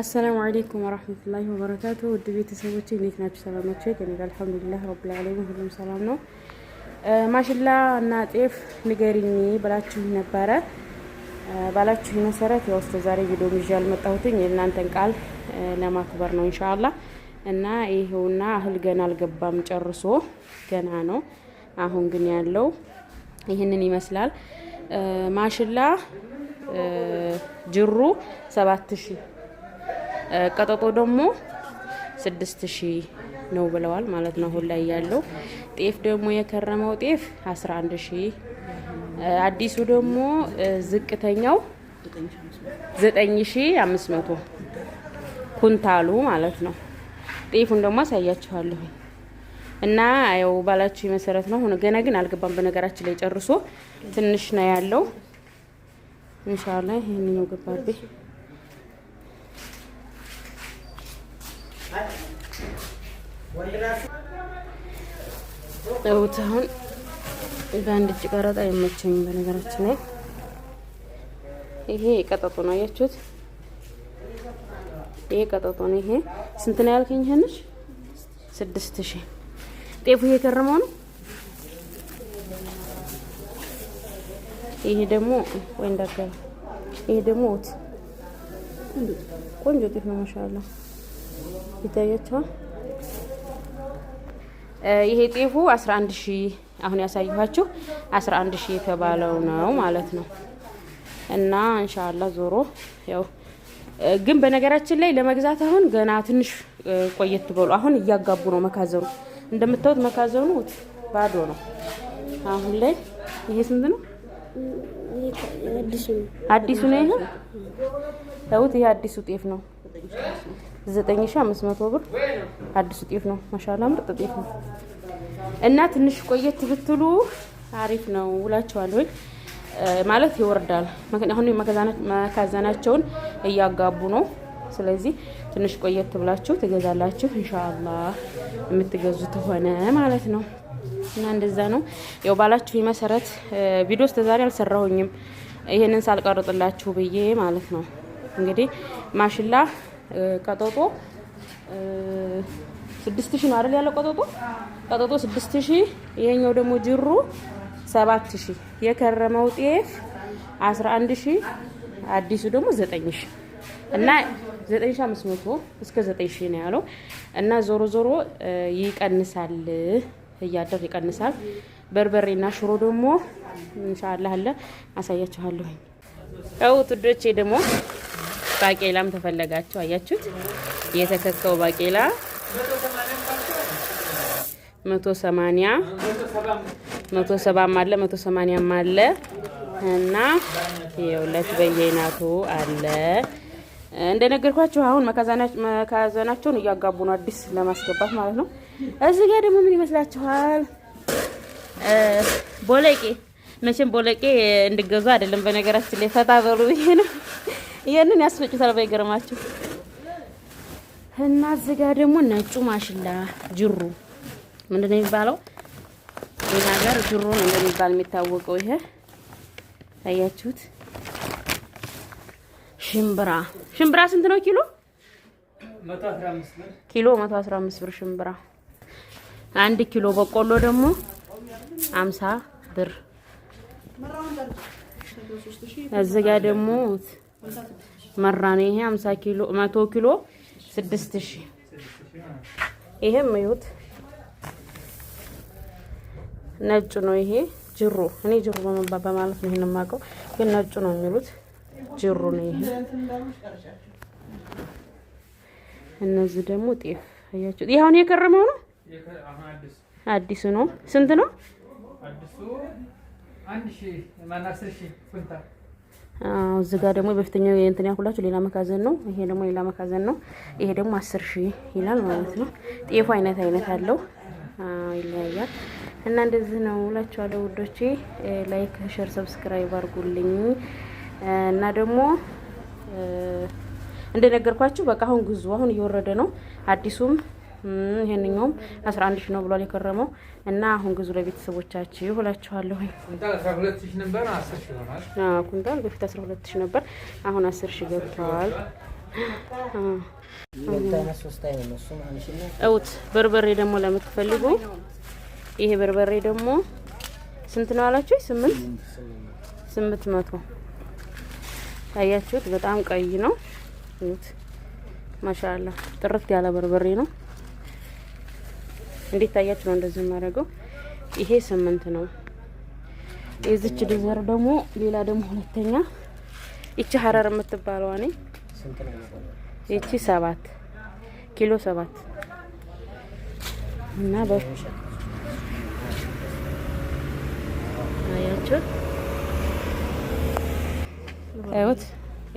አሰላሙ አለይኩም ወራህመቱላሂ ወበረካቱ። ውድ ቤተሰቦች እንዴት ናችሁ? ሰላም ናችሁ? ከኔ ጋር አልሐምዱሊላህ ረብል ዓለሚን ሁሉም ሰላም ነው። ማሽላ እና ጤፍ ንገሪኝ ብላችሁ ነበረ። ባላችሁ መሰረት ያው እስከ ዛሬ ቪዲዮ ይዤ አልመጣሁትኝ የእናንተን ቃል ለማክበር ነው ኢንሻአላህ። እና ይሄውና እህል ገና አልገባም ጨርሶ ገና ነው። አሁን ግን ያለው ይህንን ይመስላል። ማሽላ ጅሩ ሰባት ሺህ ቀጠጦ ደግሞ ስድስት ሺህ ነው ብለዋል ማለት ነው። አሁን ላይ ያለው ጤፍ ደግሞ የከረመው ጤፍ 11 ሺህ አዲሱ ደግሞ ዝቅተኛው 9500 ኩንታሉ ማለት ነው። ጤፉን ደግሞ አሳያችኋለሁ እና ያው ባላችሁ መሰረት ነው። ሆነ ገና ግን አልገባም። በነገራችን ላይ ጨርሶ ትንሽ ነው ያለው። ኢንሻአላህ ይሄንን ነው ገባቤ ጠውት አሁን በአንድ እጅ ቀረጣ አይመቸኝም። በነገራችን ላይ ይሄ ቀጠጦ ነው፣ አያችሁት? ይሄ ቀጠጦ ነው። ይሄ ስንት ነው ያልከኝ? ይሄንሽ ስድስት ሺህ ጤፉ እየከረመው ነው። ይሄ ደግሞ ወይ እንዳገባ ይሄ ደግሞ ቆንጆ ጤፍ ነው። ማሻአላህ ይታያቸዋል። ይሄ ጤፉ 11 ሺህ አሁን ያሳየኋችሁ 11 ሺህ የተባለው ነው ማለት ነው። እና እንሻላ ዞሮ ያው ግን በነገራችን ላይ ለመግዛት አሁን ገና ትንሽ ቆየት በሉ። አሁን እያጋቡ ነው መካዘኑ። እንደምታዩት መካዘኑ ባዶ ነው አሁን ላይ። ይሄ ስንት ነው? አዲሱ ነው። ይሄ ተውት። ይሄ አዲሱ ጤፍ ነው። ዘጠኝ ሺህ አምስት መቶ ብር አዲሱ ጤፍ ነው። ማሻላ ምርጥ ጤፍ ነው እና ትንሽ ቆየት ብትሉ አሪፍ ነው ውላቸዋለሁ ማለት ይወርዳል። አሁን መካዘናቸውን እያጋቡ ነው። ስለዚህ ትንሽ ቆየት ብላችሁ ትገዛላችሁ። እንሻላ የምትገዙ ተሆነ ማለት ነው እና እንደዛ ነው ያው ባላችሁ መሰረት ቪዲዮ እስከዛሬ አልሰራሁኝም ይሄንን ሳልቀርጥላችሁ ብዬ ማለት ነው እንግዲህ ማሽላ ቀጠጦ ስድስት ሺህ ነው አይደል ያለው? ቀጠጦ ቀጠጦ ስድስት ሺህ ይሄኛው ደግሞ ጅሩ ሰባት ሺህ የከረመው ጤፍ አስራ አንድ ሺህ አዲሱ ደግሞ ዘጠኝ ሺህ እና ዘጠኝ ሺህ አምስት መቶ እስከ ዘጠኝ ሺህ ነው ያለው እና ዞሮ ዞሮ ይቀንሳል፣ እያደር ይቀንሳል። በርበሬና ሽሮ ደግሞ ኢንሻአላህ አለ አሳያችኋለሁ። አው ትዶቼ ደግሞ ባቄላም ተፈለጋችሁ አያችሁት። የተከካው ባቄላ 180 170 አለ 180 አለ እና የሁለት በየናቱ አለ። እንደነገርኳችሁ አሁን መካዘናቸውን እያጋቡ ነው፣ አዲስ ለማስገባት ማለት ነው። እዚህ ጋር ደግሞ ምን ይመስላችኋል? ቦለቄ መቼም ቦለቄ እንድገዙ አይደለም፣ በነገራችን ላይ ፈታ በሉ ነው ይሄንን ያስፈጩታል ባይገርማችሁ። እና ዝጋ ጋር ደግሞ ነጩ ማሽላ ጅሩ ምንድነው የሚባለው? እኛ ጋር ጅሩ ነው እንደሚባል የሚታወቀው ይሄ ታያችሁት። ሽምብራ ሽምብራ ስንት ነው ኪሎ? ኪሎ 115 ብር ሽምብራ። አንድ ኪሎ በቆሎ ደግሞ 50 ብር። እዚህ ጋር ደግሞ መራን። ይሄ 50 ኪሎ 100 ኪሎ 6000። ይሄም እዩት ነጭ ነው። ይሄ ጅሩ እኔ ጅሩ በመባ በማለት ነው ይሄን የማውቀው፣ ግን ነጭ ነው የሚሉት ጅሩ ነው። ይሄ እነዚህ ደግሞ ጤፍ አያችሁ። ይሄ አሁን የከረመው ነው አዲሱ ነው። ስንት ነው አዲሱ? እዚህ ጋር ደግሞ በፊተኛው የእንትን ያልኩላችሁ ሌላ መካዘን ነው። ይሄ ደግሞ ሌላ መካዘን ነው። ይሄ ደግሞ አስር ሺህ ይላል ማለት ነው። ጤፉ አይነት አይነት አለው ይለያያል። እና እንደዚህ ነው እላችኋለሁ ውዶቼ። ላይክ፣ ሸር፣ ሰብስክራይብ አድርጉልኝ እና ደግሞ እንደነገርኳችሁ በቃ አሁን ግዙ አሁን እየወረደ ነው አዲሱም ይሄንኛውም 11 ሺ ነው ብሏል የከረመው እና አሁን ግዙ ለቤተሰቦቻችሁ እላችኋለሁ። ኩንታል በፊት 12 ነበር፣ አሁን 10 ገብቷል። እውት በርበሬ ደግሞ ለምትፈልጉ ይሄ በርበሬ ደግሞ ስንት ነው አላችሁ? ስምንት ስምንት መቶ ታያችሁት። በጣም ቀይ ነው። ማሻአላ ጥርት ያለ በርበሬ ነው። እንዴት ታያችሁ ነው እንደዚህ የማደርገው። ይሄ ስምንት ነው። የዚች ድዘር ደግሞ ሌላ ደግሞ ሁለተኛ ይቺ ሀረር የምትባለው እኔ ይቺ ሰባት ኪሎ ሰባት እና በ አያችሁት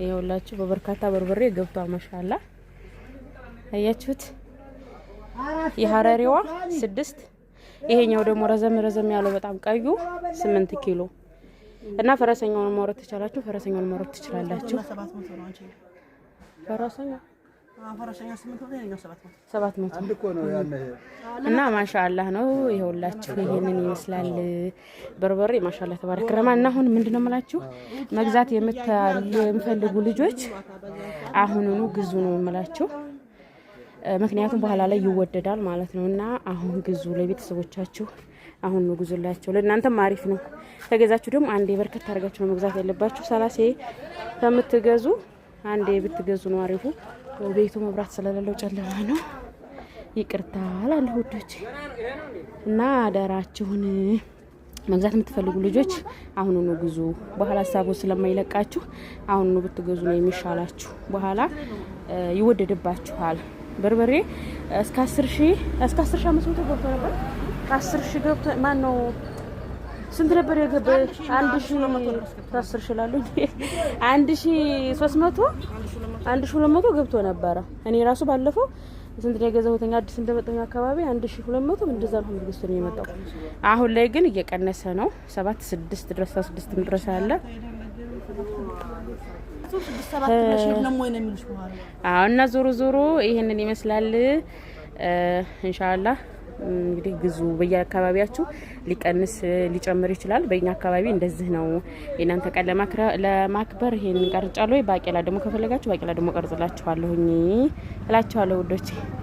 ይኸውላችሁ በበርካታ በርበሬ ገብቷል። ማሻላ አያችሁት። የሀረሪዋ ስድስት ይሄኛው ደግሞ ረዘም ረዘም ያለው በጣም ቀዩ ስምንት ኪሎ እና ፈረሰኛውን ማውረድ ትችላላችሁ። ፈረሰኛውን ማውረድ ትችላላችሁ። እና ማሻአላህ ነው። ይኸውላችሁ ይሄንን ይመስላል በርበሬ ማሻአላህ ተባረክ ረማ። እና አሁን ምንድነው የምላችሁ መግዛት የምትፈልጉ ልጆች አሁኑኑ ግዙ ነው የምላችሁ። ምክንያቱም በኋላ ላይ ይወደዳል ማለት ነው። እና አሁን ግዙ ለቤተሰቦቻችሁ አሁን ነው ግዙላቸው። ለእናንተም አሪፍ ነው። ከገዛችሁ ደግሞ አንዴ በርከት አድርጋችሁ ነው መግዛት ያለባችሁ። ሰላሴ ከምትገዙ አንዴ ብትገዙ ነው አሪፉ። ቤቱ መብራት ስለሌለው ጨለማ ነው። ይቅርታ እላለሁ ውዶች እና አደራችሁን መግዛት የምትፈልጉ ልጆች አሁኑኑ ግዙ። በኋላ ሀሳቡ ስለማይለቃችሁ አሁኑኑ ብትገዙ ነው የሚሻላችሁ። በኋላ ይወደድባችኋል። በርበሬ እስከ 10 እስከ 10 ሺህ አምስት ገብቶ ነበር። ከ10 ገብቶ ማን ነው ስንት ነበር የገበ አንድ ሺህ አንድ መቶ አንድ ሁለት መቶ ገብቶ ነበረ። እኔ ራሱ ባለፈው ስንት ነው የገዛሁትኝ አዲስ እንደመጣሁ አካባቢ አንድ ሺህ ሁለት መቶ እንደዛ ነው ነው የመጣው። አሁን ላይ ግን እየቀነሰ ነው ሰባት ስድስት ድረስ ስድስት ድረስ አለ እና ዞሮ ዞሮ ይህንን ይመስላል። እንሻላ እንግዲህ ግዙ። በየአካባቢያችሁ ሊቀንስ ሊጨምር ይችላል። በእኛ አካባቢ እንደዚህ ነው። የእናንተ ቀን ለማክበር ይሄን ቀርጫለሁ። ባቄላ ደግሞ ከፈለጋችሁ ባቄላ ደግሞ ቀርጽላችኋለሁኝ እላችኋለሁ ውዶቼ።